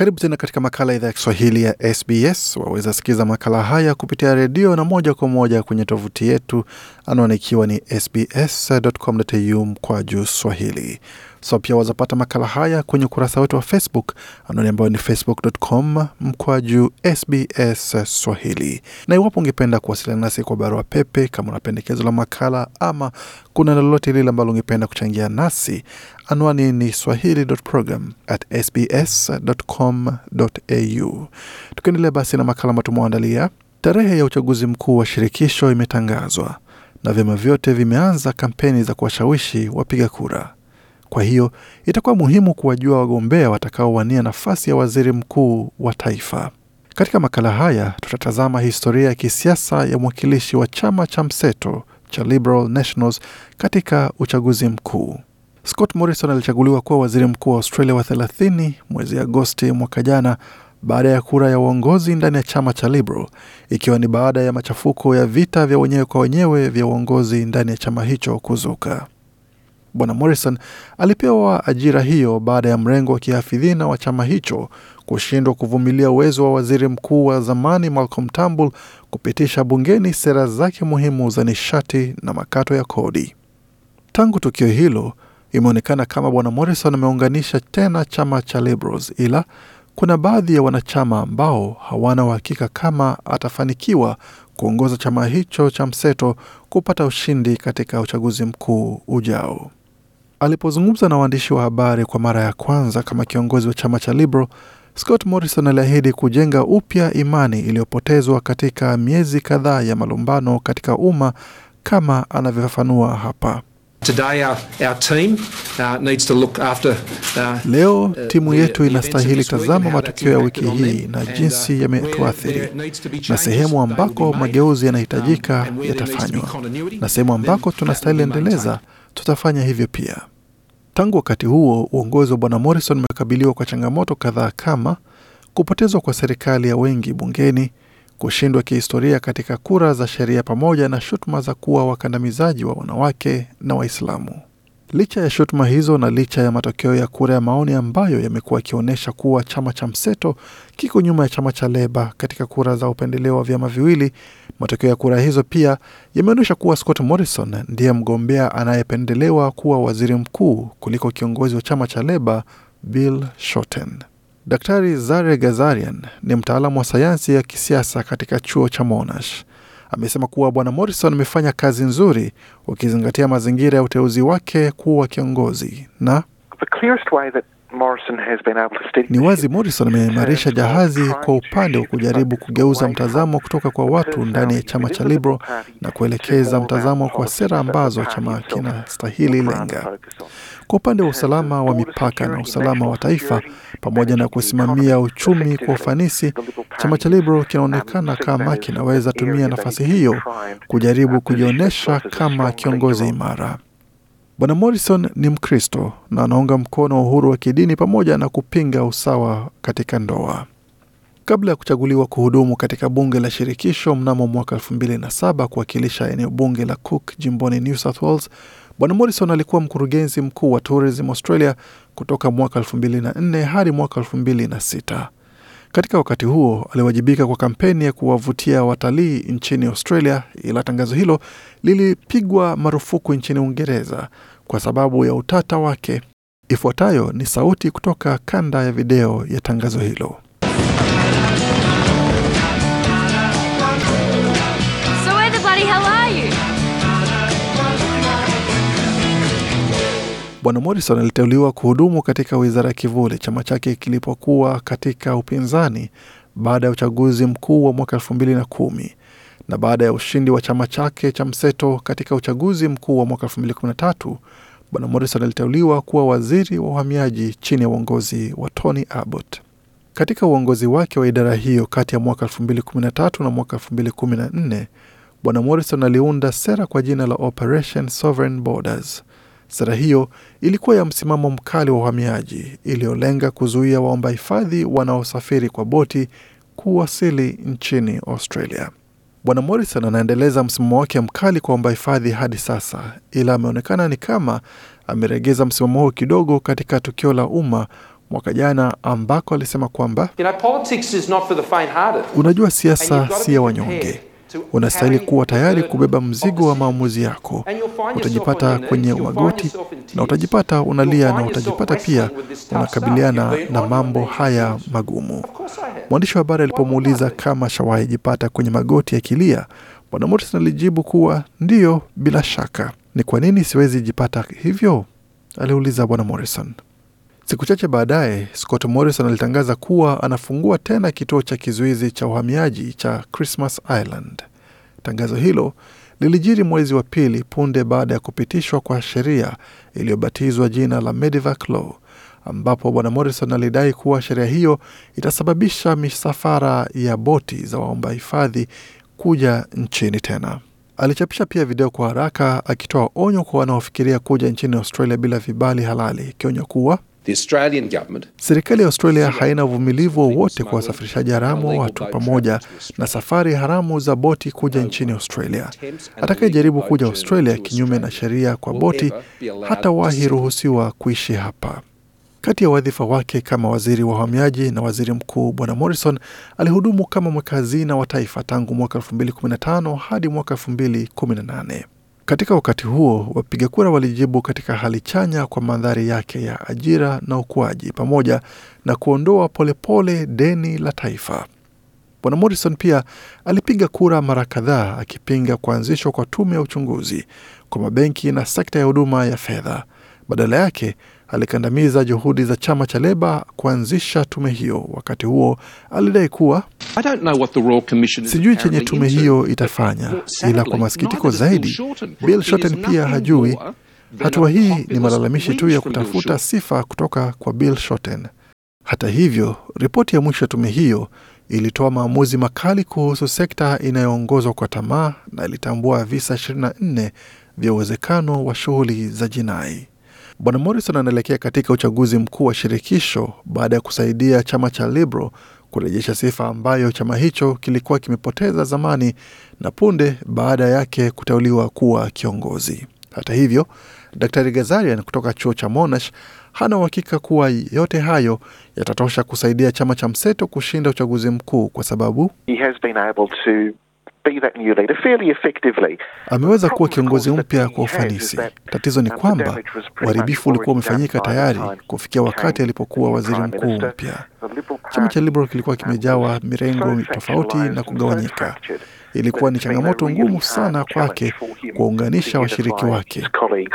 Karibu tena katika makala idhaa ya Kiswahili ya SBS. Waweza sikiza makala haya kupitia redio na moja kwa moja kwenye tovuti yetu, anwani ikiwa ni sbs.com.au kwa juu swahili. So pia wazapata makala haya kwenye ukurasa wetu wa Facebook, anwani ambayo ni facebook.com mkwaju SBS Swahili. Na iwapo ungependa kuwasiliana nasi kwa barua pepe, kama una pendekezo la makala ama kuna lolote lile ambalo ungependa kuchangia nasi, anwani ni swahili.program@sbs.com.au. Tukiendelea basi na makala ambayo tumewaandalia, tarehe ya uchaguzi mkuu wa shirikisho imetangazwa na vyama vyote vimeanza kampeni za kuwashawishi wapiga kura. Kwa hiyo itakuwa muhimu kuwajua wagombea watakaowania nafasi ya waziri mkuu wa taifa. Katika makala haya tutatazama historia ya kisiasa ya mwakilishi wa chama cha mseto cha Liberal Nationals katika uchaguzi mkuu. Scott Morrison alichaguliwa kuwa waziri mkuu wa Australia wa 30 mwezi Agosti mwaka jana baada ya kura ya uongozi ndani ya chama cha Liberal, ikiwa ni baada ya machafuko ya vita vya wenyewe kwa wenyewe vya uongozi ndani ya chama hicho kuzuka. Bwana Morrison alipewa ajira hiyo baada ya mrengo wa kihafidhina wa chama hicho kushindwa kuvumilia uwezo wa waziri mkuu wa zamani Malcolm Turnbull kupitisha bungeni sera zake muhimu za nishati na makato ya kodi. Tangu tukio hilo, imeonekana kama Bwana Morrison ameunganisha tena chama cha Liberals, ila kuna baadhi ya wanachama ambao hawana uhakika kama atafanikiwa kuongoza chama hicho cha mseto kupata ushindi katika uchaguzi mkuu ujao. Alipozungumza na waandishi wa habari kwa mara ya kwanza kama kiongozi wa chama cha Liberal, Scott Morrison aliahidi kujenga upya imani iliyopotezwa katika miezi kadhaa ya malumbano katika umma kama anavyofafanua hapa. Today our, our team, uh, needs to look after, uh, leo uh, timu yetu inastahili tazama matukio ya wiki hii na uh, jinsi yametuathiri um, na sehemu ambako mageuzi yanahitajika yatafanywa na sehemu ambako tunastahili endeleza tutafanya hivyo pia. Tangu wakati huo, uongozi wa bwana Morrison umekabiliwa kwa changamoto kadhaa kama kupotezwa kwa serikali ya wengi bungeni, kushindwa kihistoria katika kura za sheria, pamoja na shutuma za kuwa wakandamizaji wa wanawake na Waislamu. Licha ya shutuma hizo na licha ya matokeo ya kura ya maoni ambayo yamekuwa yakionyesha kuwa chama cha mseto kiko nyuma ya chama cha Leba katika kura za upendeleo wa vyama viwili Matokeo ya kura hizo pia yameonyesha kuwa Scott Morrison ndiye mgombea anayependelewa kuwa waziri mkuu kuliko kiongozi wa chama cha Leba Bill Shorten. Daktari Zare Gazarian ni mtaalamu wa sayansi ya kisiasa katika chuo cha Monash. Amesema kuwa bwana Morrison amefanya kazi nzuri ukizingatia mazingira ya uteuzi wake kuwa kiongozi na The ni wazi Morrison ameimarisha jahazi kwa upande wa kujaribu kugeuza mtazamo kutoka kwa watu ndani ya chama cha Liberal na kuelekeza mtazamo kwa sera ambazo chama kinastahili lenga kwa upande wa usalama wa mipaka na usalama wa taifa, pamoja na kusimamia uchumi kwa ufanisi. Chama cha Liberal kinaonekana kama kinaweza tumia nafasi hiyo kujaribu kujionyesha kama kiongozi imara. Bwana Morrison ni Mkristo na anaunga mkono uhuru wa kidini pamoja na kupinga usawa katika ndoa. Kabla ya kuchaguliwa kuhudumu katika bunge la shirikisho mnamo mwaka saba kuwakilisha eneo bunge la Cook jimboni New South Wales, Bwana Morrison alikuwa mkurugenzi mkuu wa Tourism Australia kutoka mwaka nne hadi mwaka sita. Katika wakati huo aliwajibika kwa kampeni ya kuwavutia watalii nchini Australia, ila tangazo hilo lilipigwa marufuku nchini Uingereza kwa sababu ya utata wake. Ifuatayo ni sauti kutoka kanda ya video ya tangazo hilo. Bwana Morrison aliteuliwa kuhudumu katika wizara ya kivuli, chama chake kilipokuwa katika upinzani baada ya uchaguzi mkuu wa mwaka elfu mbili na kumi na baada ya ushindi wa chama chake cha mseto katika uchaguzi mkuu wa mwaka elfu mbili kumi na tatu Bwana Morrison aliteuliwa kuwa waziri wa uhamiaji chini ya uongozi wa Tony Abbott. Katika uongozi wake wa idara hiyo kati ya mwaka 2013 na mwaka 2014, Bwana Morrison aliunda sera kwa jina la Operation Sovereign Borders Sera hiyo ilikuwa ya msimamo mkali wa uhamiaji iliyolenga kuzuia waomba hifadhi wanaosafiri kwa boti kuwasili nchini Australia. Bwana Morrison anaendeleza msimamo wake mkali kwa waomba hifadhi hadi sasa, ila ameonekana ni kama ameregeza msimamo huo kidogo katika tukio la umma mwaka jana ambako alisema kwamba you know, unajua siasa si ya wanyonge unastahili kuwa tayari kubeba mzigo wa maamuzi yako. Utajipata kwenye magoti na utajipata unalia na utajipata pia unakabiliana na mambo haya magumu. Mwandishi wa habari alipomuuliza kama shawahi jipata kwenye magoti ya kilia, Bwana Morrison alijibu kuwa ndiyo, bila shaka. Ni kwa nini siwezi jipata hivyo? aliuliza Bwana Morrison. Siku chache baadaye, Scott Morrison alitangaza kuwa anafungua tena kituo cha kizuizi cha uhamiaji cha Christmas Island. Tangazo hilo lilijiri mwezi wa pili punde baada ya kupitishwa kwa sheria iliyobatizwa jina la Medivac Law, ambapo bwana Morrison alidai kuwa sheria hiyo itasababisha misafara ya boti za waomba hifadhi kuja nchini tena. Alichapisha pia video kwa haraka akitoa onyo kwa wanaofikiria kuja nchini Australia bila vibali halali, ikionya kuwa Serikali ya Australia haina uvumilivu wowote kwa wasafirishaji haramu wa watu pamoja na safari haramu za boti kuja nchini Australia. Atakayejaribu kuja Australia kinyume na sheria kwa boti hatawahi ruhusiwa kuishi hapa. Kati ya wadhifa wake kama waziri wa uhamiaji na waziri mkuu, Bwana Morrison alihudumu kama mweka hazina wa taifa tangu mwaka 2015 hadi mwaka 2018. Katika wakati huo, wapiga kura walijibu katika hali chanya kwa mandhari yake ya ajira na ukuaji pamoja na kuondoa polepole pole deni la taifa. Bwana Morrison pia alipiga kura mara kadhaa akipinga kuanzishwa kwa tume ya uchunguzi kwa mabenki na sekta ya huduma ya fedha. Badala yake alikandamiza juhudi za chama cha Leba kuanzisha tume hiyo. Wakati huo alidai kuwa sijui chenye tume hiyo itafanya, ila kwa masikitiko zaidi, Bill Shorten pia hajui. Hatua hii ni malalamishi tu ya kutafuta sifa kutoka kwa Bill Shorten. Hata hivyo, ripoti ya mwisho ya tume hiyo ilitoa maamuzi makali kuhusu sekta inayoongozwa kwa tamaa na ilitambua visa 24 vya uwezekano wa shughuli za jinai. Bwana Morrison anaelekea katika uchaguzi mkuu wa shirikisho baada ya kusaidia chama cha Liberal kurejesha sifa ambayo chama hicho kilikuwa kimepoteza zamani na punde baada yake kuteuliwa kuwa kiongozi. Hata hivyo, Daktari Gazarian kutoka chuo cha Monash hana uhakika kuwa yote hayo yatatosha kusaidia chama cha mseto kushinda uchaguzi mkuu kwa sababu He has been able to Ameweza kuwa kiongozi mpya kwa ufanisi. Tatizo ni kwamba uharibifu ulikuwa umefanyika tayari kufikia wakati alipokuwa waziri mkuu mpya. Chama cha Liberal kilikuwa kimejawa mirengo tofauti na kugawanyika. Ilikuwa ni changamoto ngumu sana kwake kuwaunganisha washiriki wake.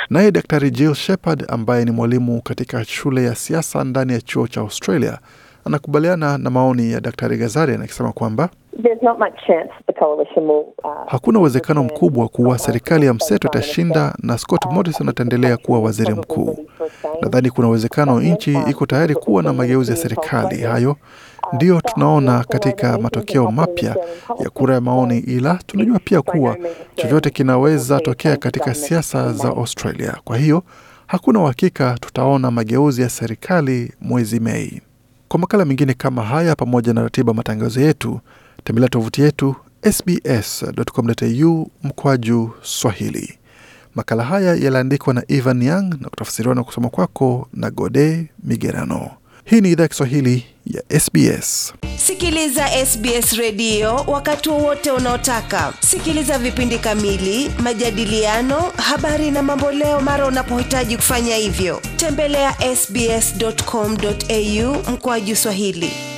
Naye Daktari Jill Shepard ambaye ni mwalimu katika shule ya siasa ndani ya chuo cha Australia anakubaliana na maoni ya Daktari Gazarian akisema kwamba Uh, hakuna uwezekano mkubwa kuwa serikali ya mseto itashinda na Scott uh, Morrison ataendelea kuwa waziri mkuu. Nadhani kuna uwezekano nchi iko tayari kuwa na mageuzi ya serikali. Hayo uh, ndiyo tunaona katika matokeo mapya ya kura ya maoni, ila tunajua pia kuwa chochote kinaweza tokea katika siasa za Australia. Kwa hiyo hakuna uhakika tutaona mageuzi ya serikali mwezi Mei. Kwa makala mengine kama haya, pamoja na ratiba matangazo yetu Tembelea tovuti yetu sbs.com.au mkwaju Swahili. Makala haya yaliandikwa na Evan Young na kutafsiriwa na kusoma kwako na Gode Migerano. Hii ni idhaa ya Kiswahili ya SBS. Sikiliza SBS redio wakati wowote unaotaka. Sikiliza vipindi kamili, majadiliano, habari na mamboleo mara unapohitaji kufanya hivyo. Tembelea ya sbs.com.au mkoaju Swahili.